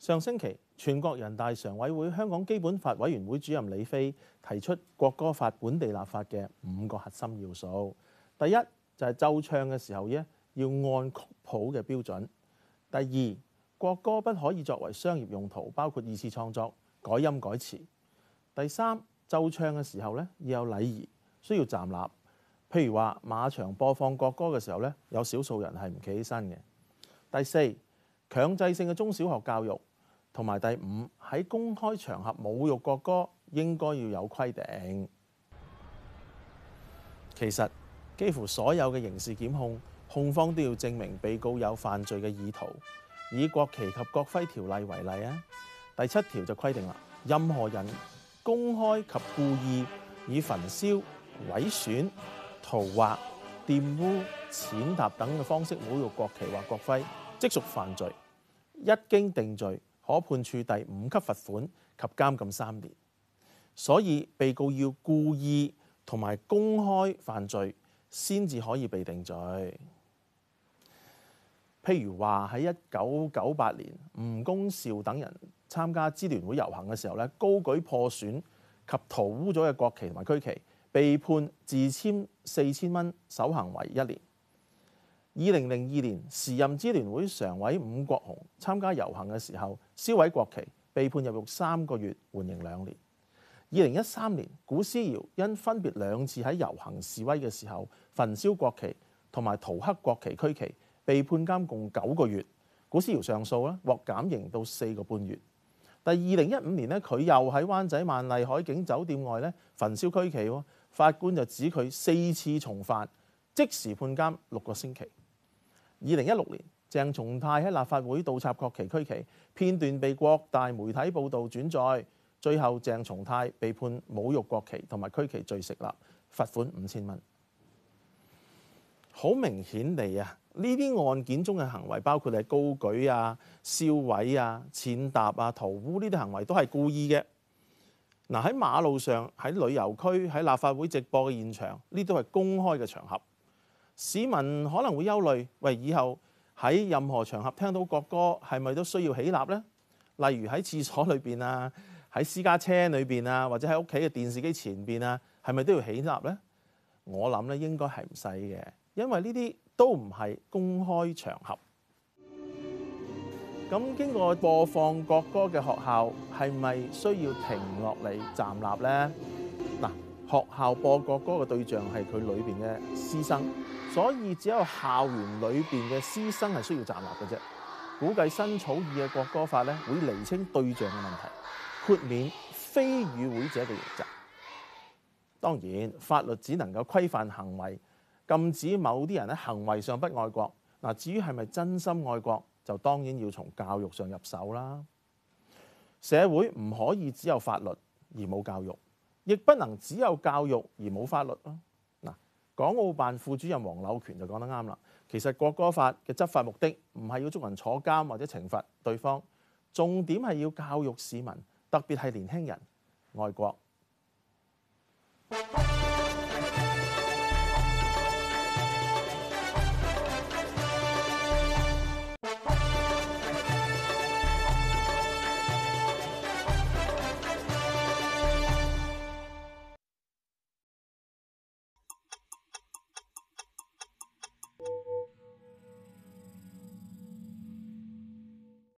上星期，全國人大常委會香港基本法委員會主任李飛提出國歌法本地立法嘅五個核心要素。第一，就係奏唱嘅時候要按曲譜嘅標準。第二，國歌不可以作為商業用途，包括二次創作、改音改詞。第三，奏唱嘅時候要有禮儀，需要站立。譬如話馬場播放國歌嘅時候，有少數人係唔企起身嘅。第四，強制性嘅中小學教育。同埋第五，喺公開場合侮辱國歌，應該要有規定。其實幾乎所有嘅刑事檢控控方都要證明被告有犯罪嘅意圖。以國旗及國徽條例為例啊，第七條就規定啦，任何人公開及故意以焚燒、毀損、塗劃、玷污、踐踏等嘅方式侮辱國旗或國徽，即屬犯罪。一經定罪，可判處第五級罰款及監禁三年，所以被告要故意同埋公開犯罪先至可以被定罪。譬如話喺一九九八年，吳恭劭等人參加支聯會遊行嘅時候咧，高舉破損及塗污咗嘅國旗同埋區旗，被判自簽四千蚊，守行為一年。二零零二年，時任支聯會常委伍國雄參加遊行嘅時候燒毀國旗，被判入獄三個月，緩刑兩年。二零一三年，古思堯因分別兩次喺遊行示威嘅時候焚燒國旗同埋塗黑國旗區旗，被判監共九個月。古思堯上訴啦，獲減刑到四個半月。但二零一五年咧，佢又喺灣仔萬麗海景酒店外咧焚燒區旗，法官就指佢四次重犯，即時判監六個星期。二零一六年，鄭松泰喺立法會倒插國旗區旗片段被各大媒體報導轉載，最後鄭松泰被判侮辱國旗同埋區旗罪成立，罰款五千蚊。好明顯地啊，呢啲案件中嘅行為，包括係高舉啊、燒毀啊、踐踏啊、塗污呢啲行為，都係故意嘅。嗱，喺馬路上、喺旅遊區、喺立法會直播嘅現場，呢都係公開嘅場合。市民可能會憂慮，喂，以後喺任何場合聽到國歌，係咪都需要起立呢？例如喺廁所裏邊啊，喺私家車裏邊啊，或者喺屋企嘅電視機前邊啊，係咪都要起立呢？我諗咧應該係唔使嘅，因為呢啲都唔係公開場合。咁經過播放國歌嘅學校，係咪需要停落嚟站立呢？嗱。學校播國歌嘅對象係佢裏邊嘅師生，所以只有校園裏邊嘅師生係需要站立嘅啫。估計新草擬嘅國歌法咧會釐清對象嘅問題，豁免非與會者嘅原則。當然，法律只能夠規範行為，禁止某啲人喺行為上不愛國。嗱，至於係咪真心愛國，就當然要從教育上入手啦。社會唔可以只有法律而冇教育。亦不能只有教育而冇法律咯。嗱，港澳辦副主任黃柳權就講得啱啦。其實國歌法嘅執法目的唔係要捉人坐監或者懲罰對方，重點係要教育市民，特別係年輕人愛國。